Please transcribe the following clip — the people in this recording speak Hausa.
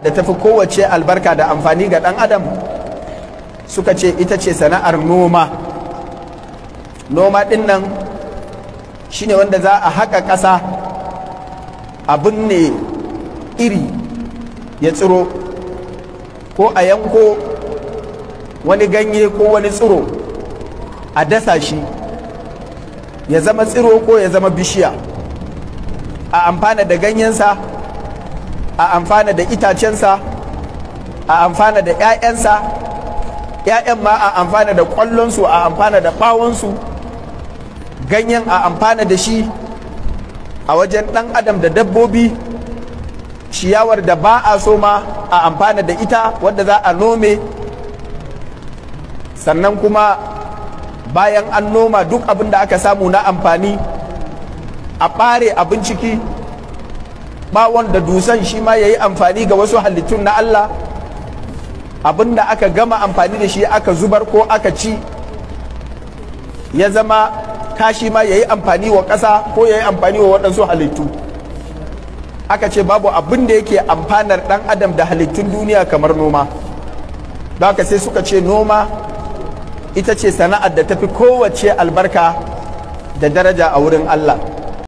da tafi kowace albarka da amfani ga ɗan adam suka ce ita ce sana'ar noma noma ɗin nan shine wanda za a haƙa ƙasa a binne iri ya tsiro ko a yanko wani ganye ko wani tsiro a dasa shi ya zama tsiro ko ya zama bishiya a amfana da ganyensa a amfana da itacensa a amfana da 'ya'yansa 'ya'yan ma a amfana da ƙwallonsu a amfana da ɓawonsu ganyen a amfana da shi a wajen ɗan adam da dabbobi ciyawar da ba a so ma a amfana da ita wadda za a nome sannan kuma bayan an noma duk abin da aka samu na amfani a ɓare abin ciki bawon da dusan shi ma ya yi amfani ga wasu halittun na Allah da aka gama amfani da shi aka zubar ko aka ci ya zama kashi ma ya yi amfani wa ƙasa ko ya yi amfani wa waɗansu halittu aka ce babu abin da yake amfanar ɗan adam da halittun duniya kamar noma don haka sai suka ce noma ita ce sana'ar da tafi kowace albarka da daraja a wurin Allah